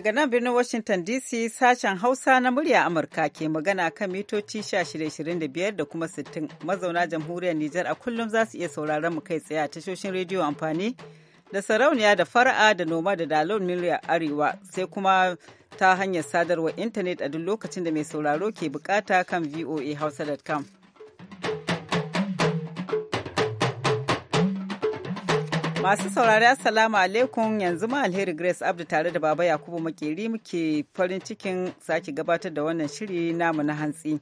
Daga nan birnin Washington DC sashen Hausa na murya Amurka ke magana kan mitoci 1625 da kuma 60 mazauna jamhuriyar Nijar a kullum za su iya sauraron mu kai tsaye a tashoshin rediyo amfani da sarauniya da fara'a da noma da dalon miliya arewa sai kuma ta hanyar sadarwar intanet a duk lokacin da mai sauraro ke bukata kan voahausa.com. Masu saurari Assalamu alaikum yanzu ma alheri Grace Abdu tare da Baba Yakubu Makeri muke farin cikin sake gabatar da wannan shiri namu na hantsi.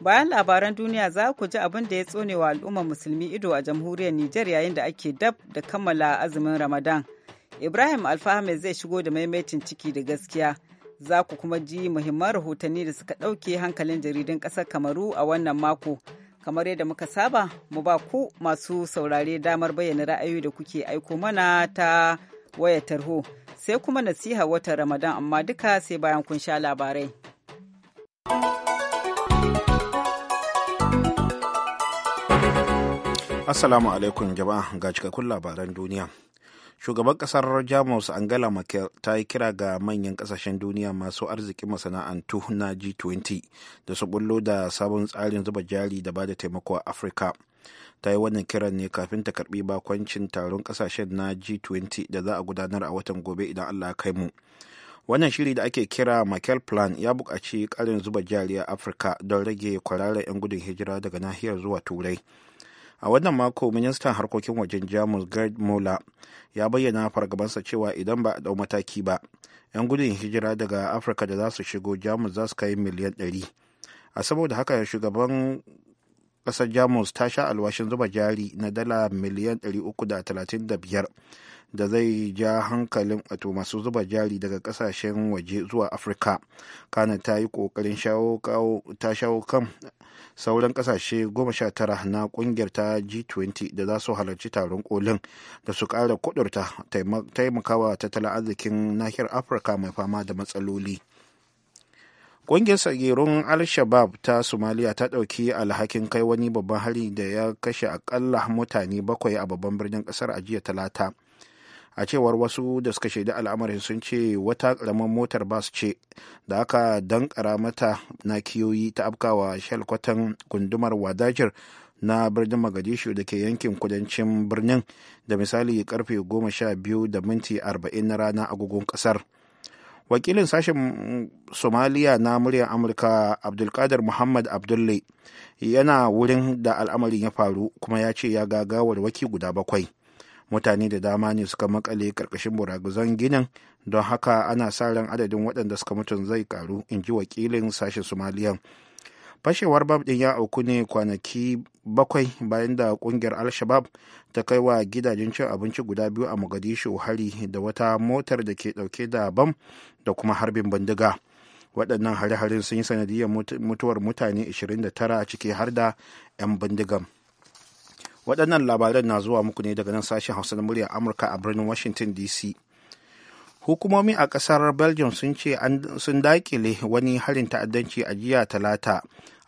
Bayan labaran duniya za ku ji abin da ya tsone wa al'ummar musulmi ido a jamhuriyar Nijar yayin da ake dab da kammala azumin Ramadan. Ibrahim Alfahame zai shigo da maimaitin ciki da gaskiya. Za ku kuma ji muhimman rahotanni da suka ɗauke hankalin jaridun ƙasar Kamaru a wannan mako. kamar yadda muka saba mu ba ku masu saurare damar bayyana ra'ayoyi da kuke aiko mana ta wayar tarho sai kuma nasiha watan ramadan amma duka sai bayan kun sha labarai assalamu alaikum jama'a ga cikakkun labaran duniya shugaban kasar jamus angela merkel ta yi kira ga manyan kasashen duniya masu arziki masana'antu na g20 da su bullo da sabon tsarin zuba jari da ba da taimako a afirka ta yi wannan kiran ne kafin ta karbi bakoncin taron kasashen na g20 da za a gudanar a watan gobe idan allah ya kai mu wannan shiri da ake kira Michael Plan ya buƙaci ƙarin zuba jari a Afirka don rage kwararren 'yan gudun hijira daga nahiyar zuwa Turai a wannan mako ministan harkokin wajen jamus gerd mola ya bayyana fargabansa cewa idan ba a dau mataki ba 'yan gudun hijira daga afirka da za su shigo jamus za su kai miliyan 100 a saboda haka shugaban kasar jamus ta sha alwashin zuba jari na dala miliyan 335 da zai ja hankalin wato masu zuba jari daga kasashen waje zuwa afirka kana ta yi ƙoƙarin ta shawo kan sauran ƙasashe 19 na ƙungiyar ta g20 da za su halarci taron kolin da su ƙara kudurta taimakawa tattalin arzikin nahiyar afirka mai fama da matsaloli. ƙungiyar tsagerun al-shabab ta somalia ta ɗauki alhakin kai wani babban hari da ya kashe aƙalla mutane bakwai a babban birnin ƙasar a jiya talata a cewar wasu da suka shaidi al'amarin sun ce wata ƙaramin motar bas ce da aka danƙara mata na kiyoyi ta afkawa shalkwatan gundumar wadajir na birnin magadishu da ke yankin kudancin birnin da misali karfe biyu da minti arba'in na rana agogon ƙasar. wakilin sashen somaliya na muryar amurka abdulkadir muhammad abdulle yana wurin da al'amarin ya faru kuma ya ce ya ga gawarwaki guda bakwai mutane da dama ne suka makale karkashin buraguzan ginin don haka ana sa ran adadin waɗanda suka mutu zai karu in ji wakilin sashen somaliya fashewar bab ɗin ya auku ne kwanaki bakwai bayan da ƙungiyar al-shabab ta kai wa gidajen cin abinci guda biyu a mogadishu hari da wata motar da ke dauke da bam da kuma harbin bindiga waɗannan hare-haren sun yi sanadiyar mutuwar mutane 29 a ciki har da 'yan bindigan waɗannan labaran na zuwa muku ne daga nan sashen hausa na muryar amurka a birnin washington dc hukumomi a ƙasar belgium sun ce sun dakile wani harin ta'addanci a jiya talata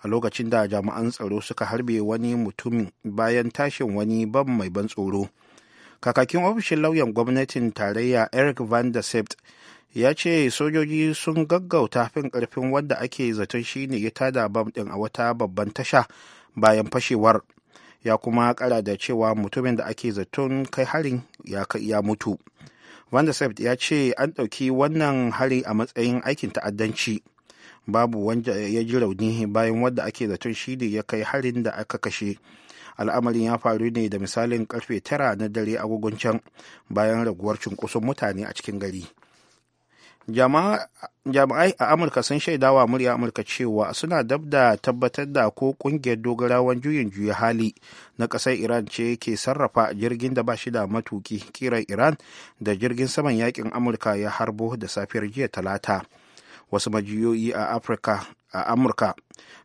a lokacin da jami'an tsaro suka harbe wani mutumin bayan tashin wani ban mai ban tsoro kakakin ofishin lauyan gwamnatin tarayya eric van der sept ya ce sojoji sun gaggauta fin karfin wanda ake zaton shine ya tada bam din a wata babban tasha bayan fashewar ya kuma kara da cewa mutumin da ake zaton kai harin ya mutu van der sept ya ce an ɗauki wannan hari a matsayin aikin ta'addanci babu wanda ya ji rauni bayan wadda ake zaton shi ne ya kai harin da aka kashe al'amarin ya faru ne da misalin karfe tara na dare agogon can bayan raguwar cunkoson mutane a cikin gari jami'ai a amurka sun shaidawa murya amurka cewa suna dab da tabbatar da ko kungiyar dogarawan juyin juya hali na ƙasar iran ce ke sarrafa jirgin da ba shi da matuki kiran iran da jirgin saman yakin amurka ya harbo da safiyar jiya talata wasu majiyoyi a afirka a amurka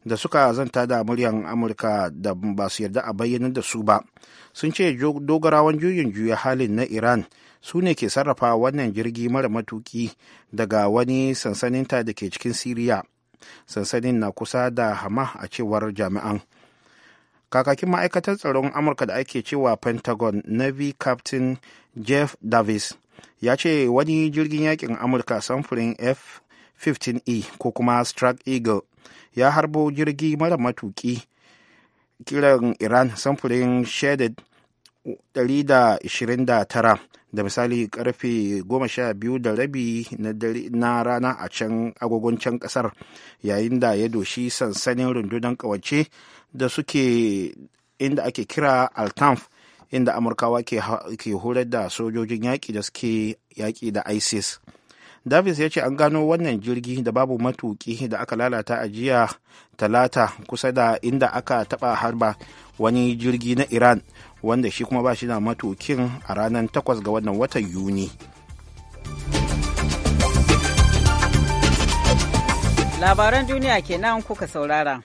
da suka zanta da muryan amurka da ba su yarda a bayyana da su ba sun ce dogarawan juyin juya halin na iran su ne ke sarrafa wannan jirgi mara matuki daga wani sansaninta da ke cikin siriya sansanin na kusa da hama a cewar jami'an kakakin ma'aikatar tsaron amurka da ake cewa pentagon navy captain jeff davis ya ce wani jirgin yakin amurka samfurin f 15E ko kuma Strike Eagle ya harbo jirgi mara matuki kiran Iran samfurin Shaded 129 da misali karfe 12 da rabi na rana a can agogon can kasar yayin da ya doshi sansanin rundunar kawance da suke inda ake kira altamf inda amurkawa ke horar da sojojin yaƙi da suke yaƙi da isis davis ya ce an gano wannan jirgi da babu matuki da aka lalata a jiya talata kusa da inda aka taba harba wani jirgi na iran wanda shi kuma ba shi da matukin a ranar 8 ga wannan watan yuni labaran duniya kenan kuka saurara.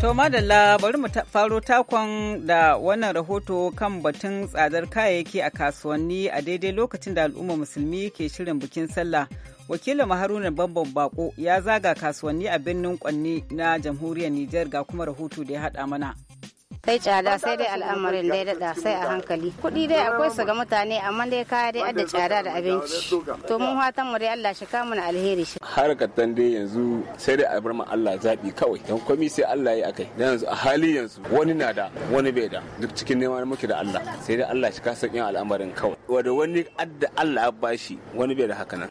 To madalla bari mu faro takon da wannan rahoto kan batun tsadar kayayyaki a kasuwanni a daidai lokacin da al'umma musulmi ke shirin bikin sallah. Wakilin Haruna Bambam Bako ya zaga kasuwanni a birnin kwanni na jamhuriyar Nijar ga kuma rahoto da ya haɗa mana. sai tsada sai dai al'amarin dai da sai a hankali kuɗi dai akwai su ga mutane amma dai kaya dai adda tsada da abinci to mun fatan mu dai Allah shi ka mana alheri shi harkatan dai yanzu sai dai a bar Allah zabi kawai don komai sai Allah ya akai dan yanzu a hali yanzu wani na da wani bai da duk cikin neman muke da Allah sai dai Allah shi ka sakin al'amarin kawai wanda wani adda Allah ya bashi wani bai da haka nan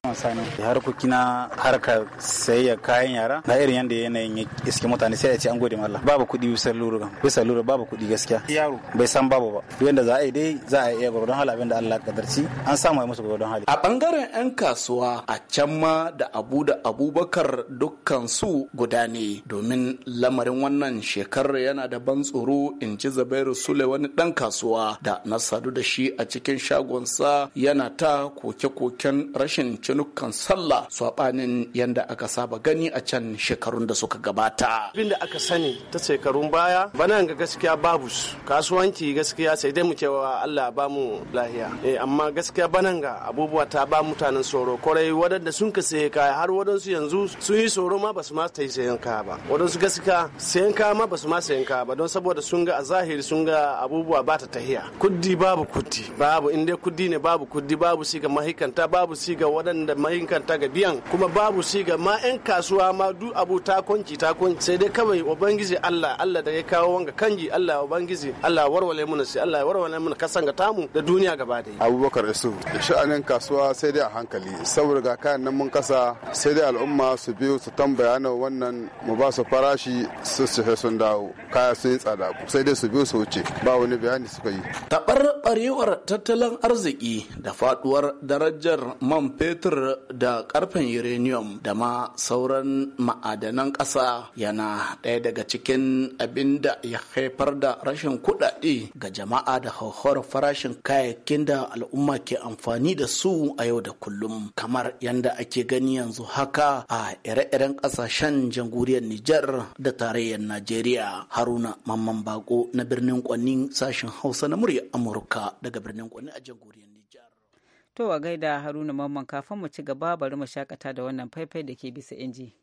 kina harka sai ya kayan yara na irin yanda yanayin iske mutane sai a ce an gode ma Allah babu kuɗi bisa lura bisa lura babu babu kuɗi gaskiya yaro bai san babu ba duk yanda za a yi dai za a iya gwargwadon hali abinda allah Allah kadarci an samu ya musu gwargwadon hali a bangaren yan kasuwa a can ma da Abu da Abubakar dukkansu guda ne domin lamarin wannan shekarar yana da ban tsoro in ji Zubairu Sule wani ɗan kasuwa da na sadu da shi a cikin shagonsa yana ta koke-koken rashin cinukan sallah saɓanin yanda aka saba gani a can shekarun da suka gabata. Abin da aka sani ta shekarun baya bana ga gaskiya babu su kasuwanci gaskiya sai dai mu cewa Allah ba mu lahiya eh, amma gaskiya banan ga abubuwa ta ba mutanen tsoro kwarai wadanda sun ka saye kaya har wadansu yanzu sun yi tsoro ma basu ma ta yi sayan kaya ba wadansu gaskiya sayan kaya ma basu ma sayan kaya ba don saboda sun ga a zahiri sun ga abubuwa ba ta tahiya kuddi babu kuddi babu inda kuddi ne babu kuddi babu si ga mahikanta babu si ga wadanda mahikanta ga biyan kuma babu si ga ma yan kasuwa ma duk abu ta kunci ta kunci sai dai kawai ubangiji Allah Allah da ya kawo wanga kanji Allah Allah ubangiji Allah warware mu shi Allah ya warware mu kasan ga tamu da duniya gaba da Abubakar Isu sha'anin kasuwa sai dai a hankali saboda ga kayan nan mun kasa sai dai al'umma su biyo su tambaya na wannan mu ba su farashi su su sun dawo kaya sun yi tsada sai dai su biyo su wuce ba wani bayani suka yi taɓarɓarewar tattalin arziki da faduwar darajar man fetur da karfen uranium da ma sauran ma'adanan ƙasa yana ɗaya daga cikin abin da ya haifar haifar da rashin kuɗaɗe ga jama'a da hauhawar farashin kayayyakin da al'umma ke amfani da su a yau da kullum kamar yadda ake gani yanzu haka a ire-iren ƙasashen jamhuriyar Nijar da tarayyar Najeriya. Haruna Mamman Bako na birnin Kwanni sashen Hausa na murya Amurka daga birnin Kwanni a jamhuriyar Nijar. To a gaida Haruna Mamman kafin mu ci gaba bari mu shakata da wannan faifai da ke bisa inji.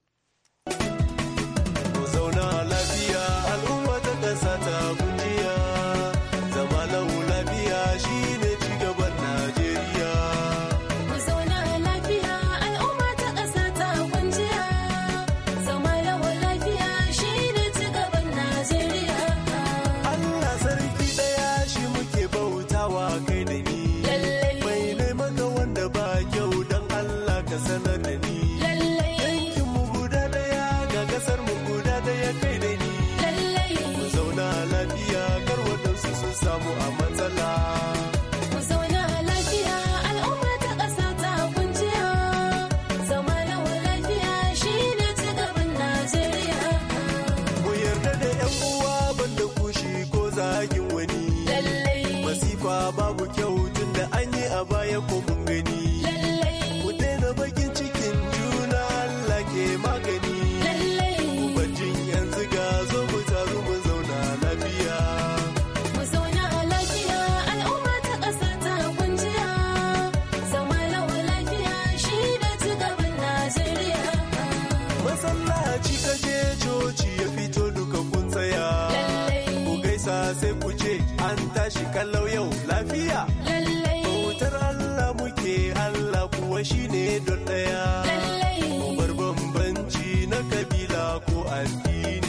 You.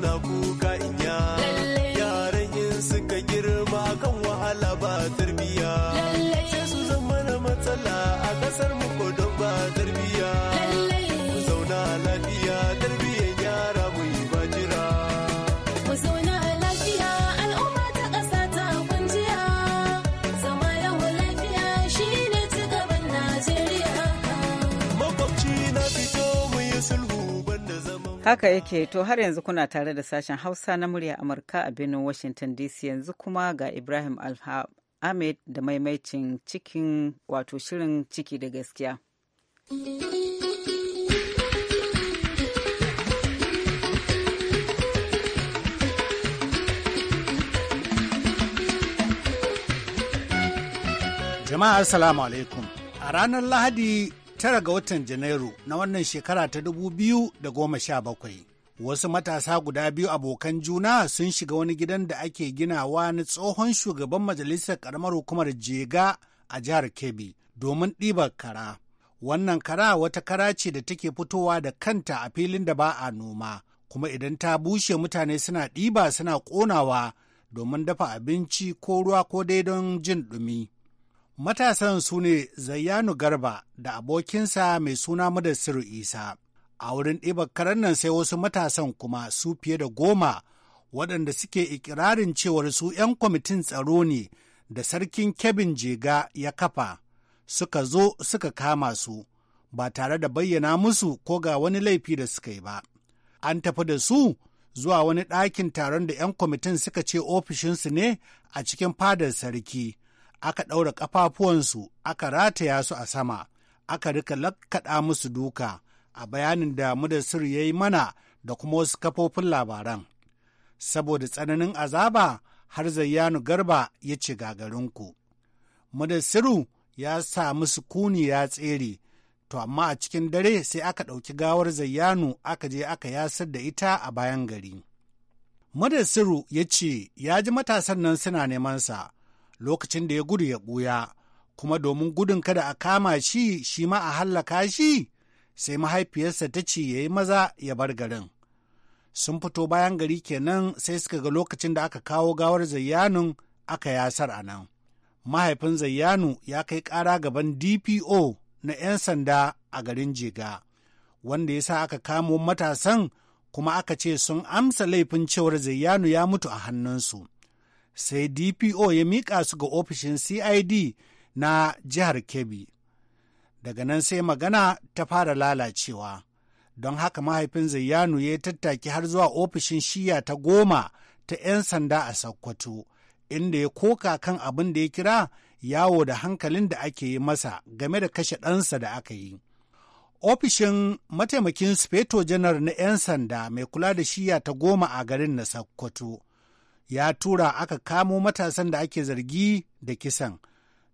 suna kuka Haka yake to har yanzu kuna tare da sashen Hausa na murya Amurka a birnin Washington DC yanzu kuma ga Ibrahim Alha Ahmed da maimaicin cikin wato shirin ciki da gaskiya. Jama'a Assalamu alaikum. A ranar Lahadi tara ga watan Janairu na wannan shekara ta 2017. Wasu matasa guda biyu abokan juna sun shiga wani gidan da ake ginawa na tsohon shugaban majalisar karamar hukumar Jega a jihar Kebbi domin ɗibar kara. Wannan kara wata kara ce da take fitowa da kanta a filin da ba a noma, kuma idan ta bushe mutane suna ɗiba suna ƙonawa domin dafa abinci ko ruwa ko dai don jin ɗumi. Matasan su ne Zayyanu Garba da abokinsa mai suna madasiru Isa. A wurin ɗibar karen nan sai wasu matasan kuma su fiye da goma waɗanda suke ikirarin cewar su 'yan kwamitin tsaro ne da sarkin kebin jega ya kafa suka zo suka kama su ba tare da bayyana musu ko ga wani laifi da suka yi ba. An tafi da su zuwa wani ɗakin taron da 'yan kwamitin suka ce ofishinsu ne a cikin fadar sarki. aka ɗaura ƙafafuwansu aka rataya su a sama, aka rika lakkaɗa musu duka a bayanin da Mudassir ya yi mana da kuma wasu kafofin labaran. Saboda tsananin azaba har Zayyanu Garba ya ce gagarinku. Mudassiru ya sa musu sukuni ya tsere, to amma a cikin dare sai aka ɗauki gawar Zayyanu aka je aka yasar da ita a bayan gari. Mudassiru ya ce ya ji matasan nan suna nemansa. lokacin da ya gudu ya ɓuya, kuma domin gudun kada a kama shi shi ma a hallaka shi, sai mahaifiyarsa ta ce ya yi maza ya bar garin. Sun fito bayan gari kenan sai suka ga lokacin da aka kawo gawar zayyanun aka yasar a nan. Mahaifin zayyanu ya kai ƙara gaban DPO na 'yan sanda a garin Jiga wanda ya sa aka kamo matasan kuma aka ce sun amsa laifin cewar zayyanu ya mutu a hannunsu. sai DPO ya miƙa su ga ofishin CID na jihar Kebbi. Daga nan sai magana ta fara lalacewa, don haka mahaifin Zayyanu ya tattaki har zuwa ofishin shiya ta goma ta 'yan sanda a Sokoto, inda ya koka kan abin da ya kira yawo da hankalin da ake yi masa game da kashe ɗansa da aka yi. Ofishin mataimakin Sufeto janar na 'yan sanda mai kula da shiya ta goma a garin na Sokoto. ya tura aka kamo matasan da ake zargi da kisan.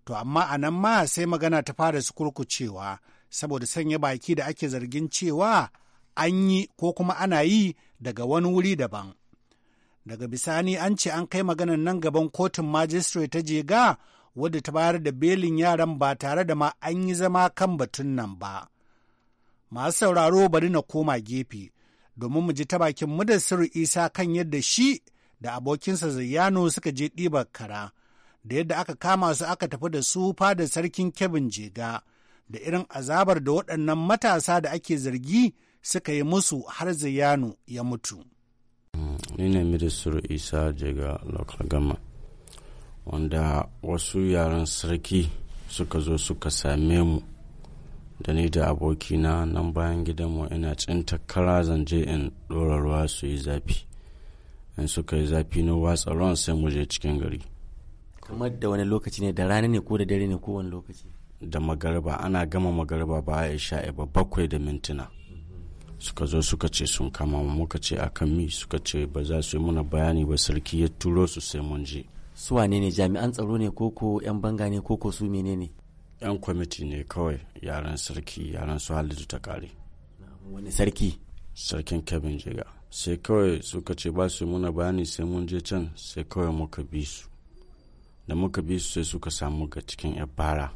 To amma a nan ma sai magana ta fara su kurkucewa saboda sanya baki da ake zargin cewa an yi ko kuma ana yi daga wani wuri daban. Daga bisani an ce an kai maganan nan gaban kotun majistare ta jega wadda ta bayar da belin yaran ba tare da ma an yi zama kan batun nan ba. Masu sauraro bari na koma gefe domin mu ji ta bakin mudassiru Isa kan yadda shi da abokinsa Zayyano suka je ɗibar kara, da yadda aka kama su aka tafi da su fadar sarkin kebin jega, da irin azabar da waɗannan matasa da ake zargi suka yi musu har Zayyano ya mutu. Ni ne Isa Jega Lokalgama, wanda wasu yaran sarki suka zo suka same mu. da ni da abokina nan bayan gidanmu ina tsinta kara zanje in ɗora ruwa su yi zafi in suka yi zafi na watsa ruwan sai mu je cikin gari kamar da wani lokaci ne da rana ne ko da dare ne ko wani lokaci da magarba ana gama magarba ba a isha eh, ba bakwai da mintuna suka zo suka ce sun kama mu muka ce a kan mi suka ce ba za su yi muna bayani ba sarki ya turo su sai mun je su wane ne jami'an tsaro ne ko yan banga ne ko su menene yan kwamiti ne kawai yaran sarki yaran su halittu ta kare wani sarki sarkin kebin jiga sai kawai suka ce ba su muna bayani sai mun je can sai kawai muka bi su da muka bi su sai suka samu ga cikin yar bara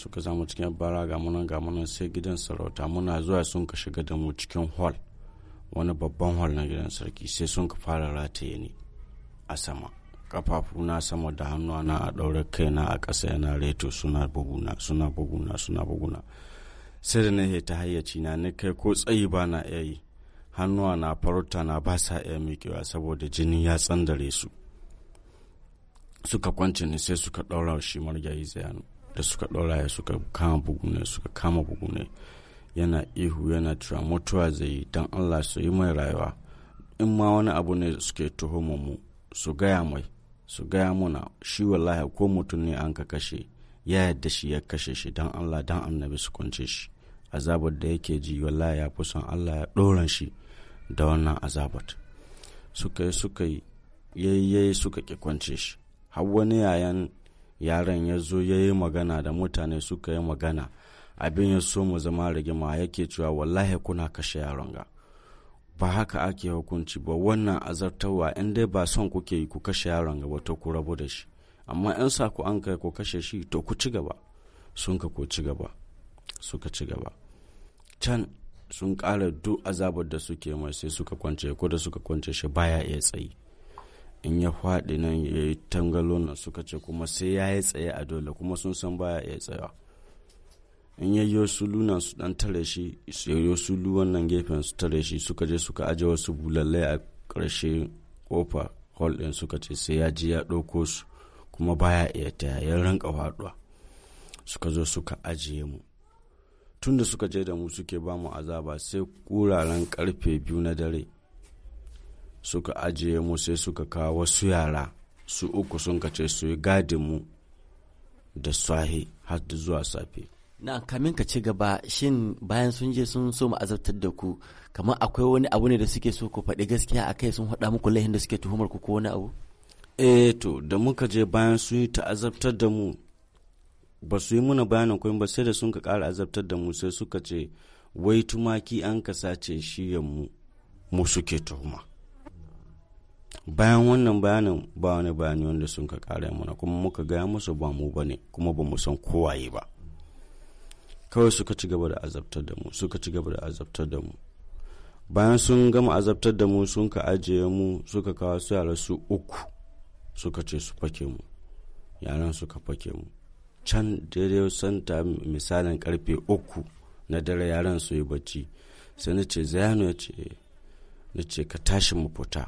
suka samu cikin yar bara ga munan ga munan sai gidan sarauta muna zuwa sun ka shiga da mu cikin hall wani babban hall na gidan sarki sai sun ka fara rataye ni a sama kafafuna sama da hannuwana a ɗaure kaina a ƙasa yana reto suna buguna suna buguna suna buguna sai da na ta hayyaci na ni kai ko tsayi ba na iya yi hannuwa na farauta na ba sa iya miƙewa saboda jini ya tsandare su suka kwance ne sai suka ɗaura shi margayi zayanu da suka ɗaura ya suka kama bugune suka kama bugune yana ihu yana cewa mutuwa zai yi don allah su yi mai rayuwa in ma wani abu ne suke tuhuma mu su gaya mai su gaya muna shi wallahi ko mutum ne an ka kashe ya yadda shi ya kashe shi don allah don annabi su kwance shi azabar da yake ji wallahi ya fi son allah ya ɗoran shi da wannan azabat suka yi suka yi yayyayi suka ki kwance shi har wani yayan yaran ya zo ya yi magana da mutane suka yi magana abin ya so mu zama rigima yake cewa wallahi kuna kashe yaron ga ba haka ake hukunci ba wannan azartarwa in dai ba son kuke yi ku kashe yaron ga to ku rabu da shi amma in sa ku an kai ku kashe shi to ku ci gaba sun ka ku ci gaba suka ci gaba can sun ƙara duk azabar da suke mai sai suka kwance ko da suka kwance shi baya iya tsayi in ya faɗi nan ya yi tangalo nan suka ce kuma sai ya yi tsaye a dole kuma sun san baya iya tsayawa in ya yi sulu nan su dan tare shi su yi luwan wannan gefen su tare shi suka je suka aje wasu bulallai a ƙarshe kofa hall ɗin suka ce sai ya ji ya ɗauko su kuma baya iya taya ya rinka faɗuwa suka zo suka ajiye mu tunda suka je da mu suke ba mu azaba sai kuraren karfe biyu na dare suka ajiye mu sai suka kawo wasu yara su uku sun kace su yi gadin mu da swahi har da zuwa safe na kamin ka ci gaba shin bayan sun je sun so mu azabtar da ku kamar akwai wani abu ne da suke so ku faɗi gaskiya a kai sun haɗa muku laihin da suke tuhumar ku ko wani abu eh to da muka je bayan sun yi ta azabtar da mu ba su yi muna bayanin komai ba sai da sun ka ƙara azabtar da mu sai suka ce wai tumaki an ka sace shiyan mu mu suke tuhuma bayan wannan bayanin ba wani bayani wanda sun ka ƙara muna kuma muka gaya musu ba mu ba ne kuma ba mu san kowaye ba kawai suka ci gaba da azabtar da mu suka ci gaba da azabtar da mu bayan sun gama azabtar da mu sun ka ajiye mu suka kawo su yara su uku suka ce su fake mu yaran suka fake mu can daidai santa misalin karfe uku na dare yaran su yi bacci sai na ce zayano ya ce na ce ka tashi mu fita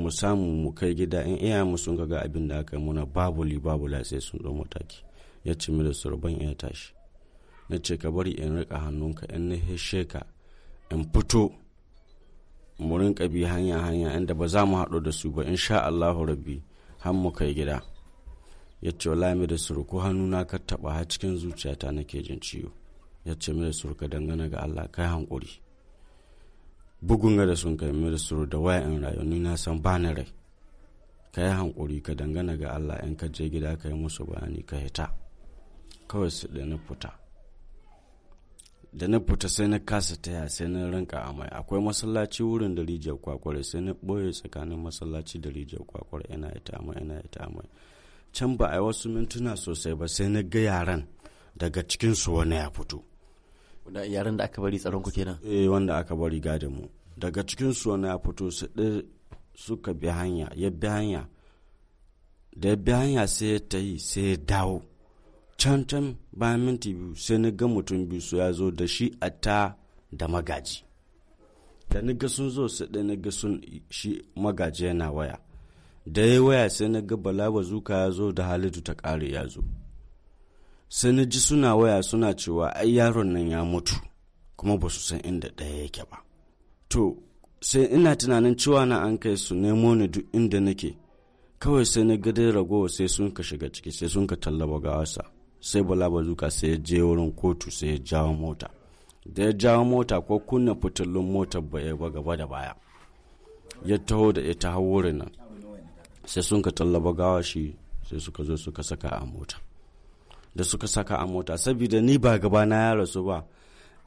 mu samu mu kai gida in iya mu sun ga abin da aka muna babu li babu la sai sun ɗau taki ya ce mi da surban ya tashi na ce ka bari in rika hannunka in na heshe ka in fito mu rinka bi hanya hanya inda ba za mu haɗu da su ba in sha Allahu rabbi har mu kai gida ya ce wala mai da surku hannuna ka taba har cikin zuciyata nake jin ciwo ya ce mai da surka dangane ga allah kai hankuri bugun ga da sun kai mai da suru da waya in rayu na san ba na rai kai yi hankuri ka dangana ga allah in ka je gida ka yi musu bayani ka hita kawai su da na fita da na fita sai na kasa taya sai na rinka amai akwai masallaci wurin da rijiyar kwakwar sai na boye tsakanin masallaci da rijiyar kwakwar ina ita amai ina ita amai can ba a yi wasu mintuna sosai ba sai na ga yaran daga cikinsu wani ya fito wanda yaran da aka bari tsaron kuke nan. eh wanda aka bari gadin mu daga cikinsu wani ya fito su suka bi hanya ya bi hanya da ya bi hanya sai ya tayi sai ya dawo can can bayan minti biyu sai na ga mutum biyu su ya zo da shi a ta da magaji da na ga sun zo su ɗaya na ga sun shi magaji yana waya da ya waya sai na ga bala bazuka ya zo da halidu ta ƙare ya zo sai na ji suna waya suna cewa ai yaron nan ya mutu kuma ba su san inda ɗaya yake ba to sai ina tunanin cewa na an kai su nemo ni duk inda nake kawai sai na ga dai ragowa sai sun ka shiga ciki sai sun ka tallaba wasa sai bala bazuka sai ya je wurin kotu sai ya jawo mota da ya jawo mota ko kunna fitilun motar ba ya ba gaba da baya ya taho da ita hau nan sai sun ka tallaba gawa shi sai suka zo suka saka a mota da suka saka a mota saboda ni ba gaba na ya rasu ba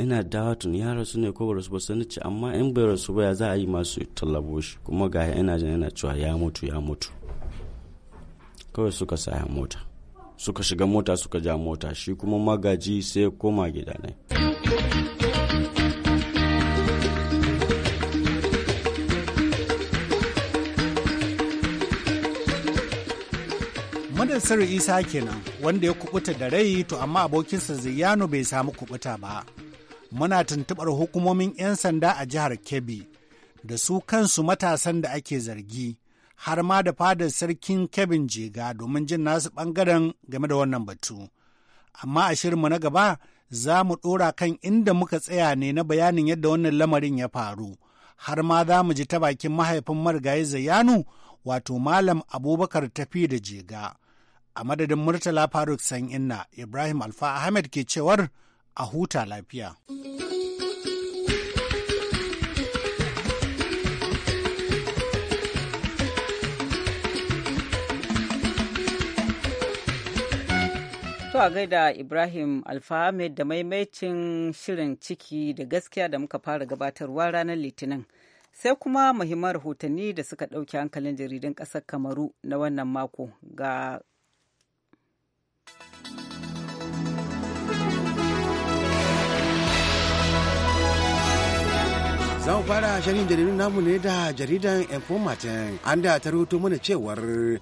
ina dawa tun ya rasu ne ko ba rasu ba sani ce amma in bai rasu ba ya za a yi masu tallabo shi kuma ga ina jin yana cewa ya mutu ya mutu kawai suka saya mota suka shiga mota suka ja mota shi kuma magaji sai koma gida ne Nasiru Isa kenan wanda ya kubuta da rai to amma abokinsa Ziyano bai samu kubuta ba. Muna tuntubar hukumomin 'yan sanda a jihar Kebbi da su kansu matasan da ake zargi har ma da fadar sarkin Kebbin Jega domin jin nasu bangaren game da wannan batu. Amma a shirinmu na gaba za mu ɗora kan inda muka tsaya ne na bayanin yadda wannan lamarin ya faru. Har ma za mu ji ta bakin mahaifin marigayi Zayanu wato Malam Abubakar tafi da Jiga. a madadin Murtala Faruk San Inna Ibrahim Alfa Ahmed ke cewar a huta lafiya. To a gaida Ibrahim Alfahamid da maimaicin shirin ciki da gaskiya da muka fara gabatarwa ranar Litinin. Sai kuma muhimman rahotanni da suka ɗauki hankalin jaridan ƙasar Kamaru na wannan mako ga Za mu fara shirin jaridun namu ne da jaridan Informatin. An da ta rubuto mana cewar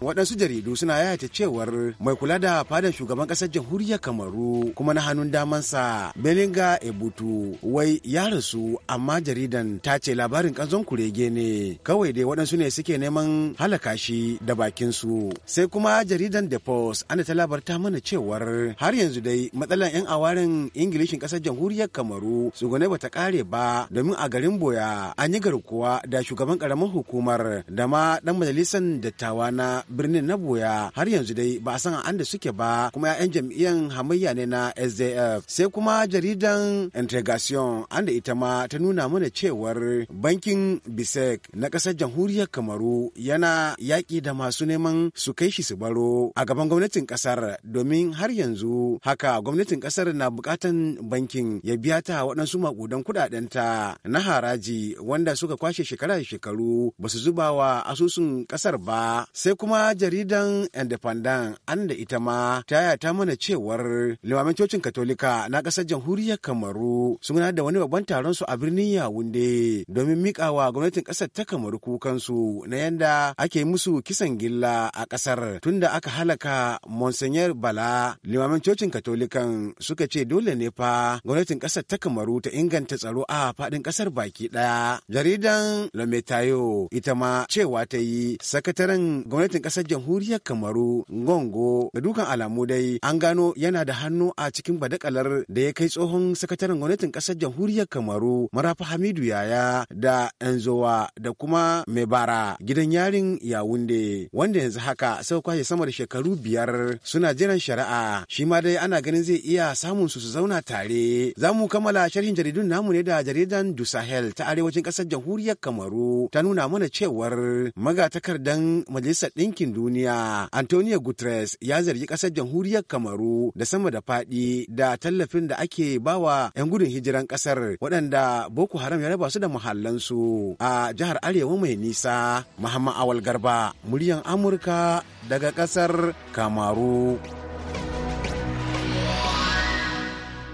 waɗansu jaridu suna yayata cewar mai kula da fadan shugaban ƙasar jamhuriyar Kamaru kuma na hannun damansa Belinga Ebutu wai ya rasu amma jaridan ta ce labarin ƙanzon kurege ne kawai dai waɗansu ne suke neman halaka shi da bakin su. Sai kuma jaridan The Post an da ta labarta mana cewar har yanzu dai matsalar 'yan awarin Ingilishin ƙasar jamhuriyar Kamaru gane bata kare ba domin a garin Boya koya an yi garkuwa da shugaban karamar hukumar da ma dan majalisar dattawa na birnin na boya har yanzu dai ba a san an da suke ba kuma 'ya'yan jam'iyyar hamayya ne na sdf sai kuma jaridan integration an da ita ma ta nuna mana cewar bankin bisek na ƙasar jamhuriyar kamaru yana yaƙi da masu neman su kai shi su baro a gaban gwamnatin kasar domin har yanzu haka gwamnatin kasar na bukatan bankin ya biya ta waɗansu maƙudan ta na haraji daji wanda suka kwashe shekara da shekaru ba su zuba wa asusun kasar ba sai kuma jaridan independent an da ita ma ta ta mana cewar limamin cocin katolika na kasar jamhuriyar kamaru sun da wani babban taron su a birnin yawunde domin mikawa gwamnatin kasar ta kamaru kukansu na yanda ake musu kisan gilla a kasar tunda aka halaka Monsanyar bala limamin cocin katolikan suka ce dole ne fa gwamnatin kasar ta kamaru ta inganta tsaro a faɗin kasar baki ɗaya. Jaridan Lometayo ita ma cewa ta yi sakataren gwamnatin ƙasar jamhuriyar Kamaru Ngongo da dukan alamu dai an gano yana da hannu a cikin badakalar da ya kai tsohon sakataren gwamnatin ƙasar jamhuriyar Kamaru Marafa Hamidu Yaya da Enzowa da kuma Mebara gidan yarin Yawunde wanda yanzu haka sau kwashe sama da shekaru biyar suna jiran shari'a shi ma dai ana ganin zai iya samun su su zauna tare. Za mu kammala sharhin jaridun namu ne da jaridan Du Sahel ta arewacin ƙasar jamhuriyar Kamaru ta nuna mana cewar magatakardan Majalisar Ɗinkin Duniya Antonio Guterres ya zargi ƙasar jamhuriyar Kamaru da sama da faɗi da tallafin da ake bawa 'yan gudun hijiran ƙasar waɗanda Boko Haram ya raba su da muhallansu a jihar Arewa mai nisa Muhammad Awal Garba muryan Amurka daga ƙasar Kamaru.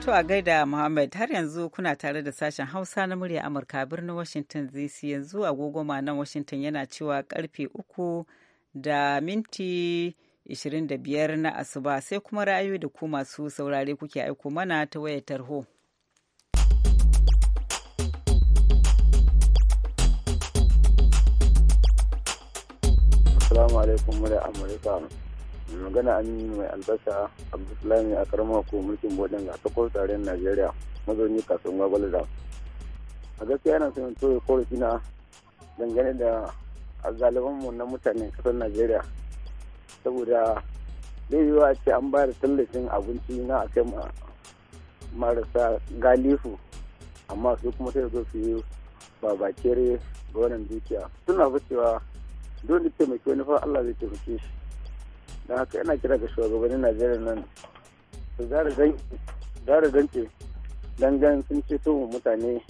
To a gaida Muhammad har yanzu kuna tare da sashen Hausa na murya Amurka birnin Washington DC yanzu agogo nan Washington yana cewa karfe uku da minti 25 na asuba sai kuma ra'ayoyi da ku masu saurare kuke aiko mana ta wayar tarho. Assalamu alaikum murya Amurka. magana aminu mai albasa abdulsalami a karamar ko mulkin bodin a kafar tsarin najeriya mazauni kasuwan da a gaskiya yana sanin toye korafi na dangane da mu na mutanen kasar najeriya saboda zai a ce an ba da tallafin abinci na a kai marasa galifu amma su kuma sai zo su yi babakere ga wannan dukiya suna fi cewa dole taimaki wani fa Allah zai taimake shi don haka yana kira ga shugabannin najeriya nan su zara zance don gan sun ceto mutane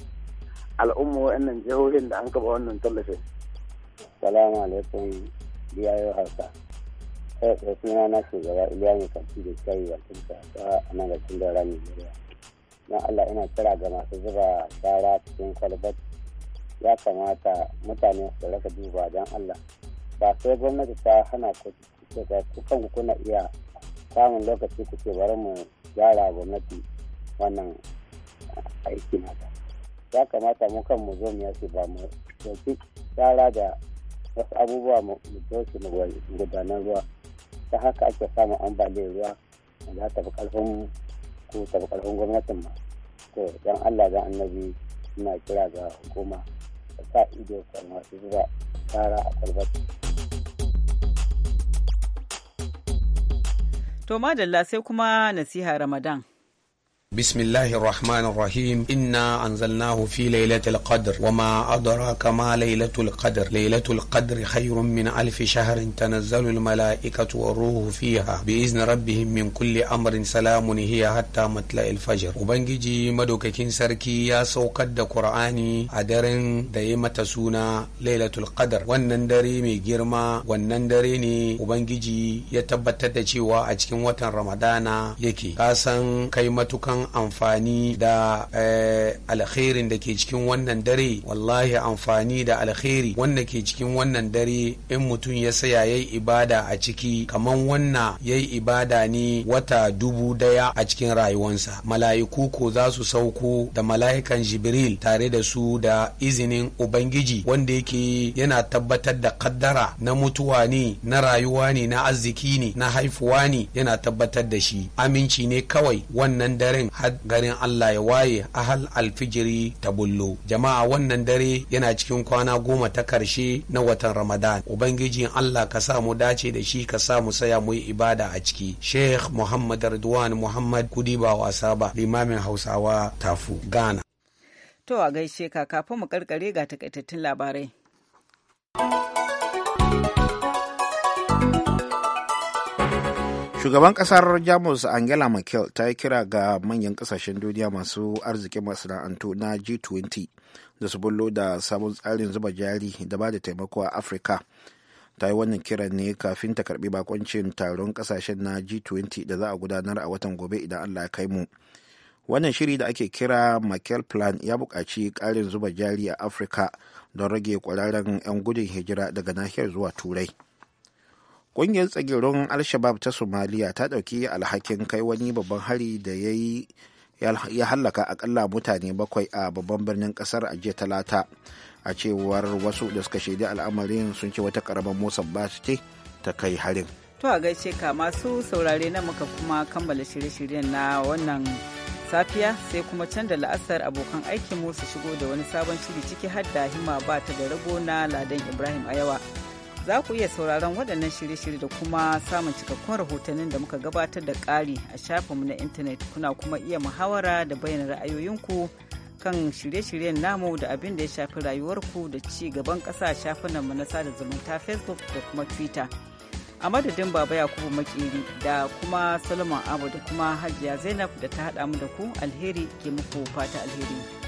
al'umma wa'annan jihohin da an kaba wannan tallafin salamu alaikum biyayo hausa kai eh, tsaye suna na shugaba iliya mai kanti da shayi bakin kasuwa a nan da cin daura nigeria don allah ina kira ga masu zuba shara cikin kwalbat ya kamata mutane su raka duba don allah ba sai gwamnati ta hana ko daga kukan kuna iya samun lokaci ku ce bari mu gyara gwamnati wannan aiki nata ya kamata mu kan mu zo mu yace ba mu ɗauki gyara da wasu abubuwa mu doshi mu gudanar ruwa ta haka ake samun ambaliyar ruwa za ta fi karfin ku ta fi karfin gwamnatin ma to dan allah ga annabi suna kira ga hukuma ta sa ido kan masu zuba tara a kwalbati. To madalla sai kuma nasiha Ramadan. بسم الله الرحمن الرحيم إنا أنزلناه في ليلة القدر وما أدراك ما ليلة القدر ليلة القدر خير من ألف شهر تنزل الملائكة والروح فيها بإذن ربهم من كل أمر سلام هي حتى مطلع الفجر وبنجي مدوككين سركي يا سوكد قرآني أدرن دايمة سونا ليلة القدر والنندري مي جرما والنندري ني وبنجي يتبتت cewa a cikin watan ramadana yake kasan kai matukan an amfani da eh, alkhairin da ke cikin wannan dare wallahi amfani da alkhairi wanda ke cikin wannan dare in mutum ya saya ya yi ibada a ciki kaman wannan ya yi ibada ne wata dubu daya a cikin rayuwansa mala'iku ko za su sauko da mala'ikan jibril tare da su da izinin ubangiji wanda yake yana tabbatar da kaddara na mutuwa ne na rayuwa ne na arziki ne na haifuwa ne yana tabbatar da shi aminci ne kawai wannan daren har garin Allah ya waye ahal alfijiri ta bullo jama'a wannan dare yana cikin kwana goma ta karshe na watan Ramadan Ubangiji Allah ka sa mu dace da shi ka sa mu saya mu ibada a ciki Sheikh Muhammad Ridwan Muhammad Kudiba Wasaba limamin Hausawa Tafu Ghana To a gaishe ka kafin mu karkare ga takaitattun labarai. shugaban kasar jamus angela merkel ta yi kira ga manyan kasashen duniya masu arzikin masana'antu na g20 da su bullo da sabon tsarin zuba jari da ba da taimako a afirka ta yi wannan kiran ne kafin ta karbi bakoncin taron kasashen na g20 da za a gudanar a watan gobe idan allah ya kai mu wannan shiri da ake kira merkel plan ya buƙaci ƙarin zuba jari a afirka don rage kwararren 'yan gudun hijira daga nahiyar zuwa turai ƙungiyar tsagirin al-shabab ta somaliya ta ɗauki alhakin kai wani babban hari da ya yi ya hallaka akalla mutane bakwai a babban birnin kasar a jiya talata a cewar wasu da suka shaidi al'amarin sun ce wata karamar motsa ba ce ta kai harin to a gaishe ka masu saurare na muka kuma kammala shirye-shiryen na wannan safiya sai kuma can da la'asar abokan aikin mu su shigo da wani sabon shiri ciki har da himma ba ta da rago na ladan ibrahim ayawa za ku iya sauraron waɗannan shirye-shirye da kuma samun cikakkun rahotannin da muka gabatar da ƙari a shafinmu na intanet kuna kuma iya muhawara da bayyana ra'ayoyinku kan shirye-shiryen namu da abin da ya shafi rayuwarku da ci gaban ƙasa a mu na sada zumunta facebook da kuma twitter a madadin baba yakubu makeri da kuma salomon abu da kuma hajiya zainab da ta haɗa mu da ku alheri ke muku fata alheri